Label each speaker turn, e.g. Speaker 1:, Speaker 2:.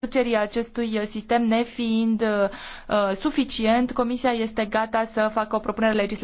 Speaker 1: Reducerii acestui uh, sistem nefiind uh, uh, suficient, Comisia este gata să facă o propunere legislativă.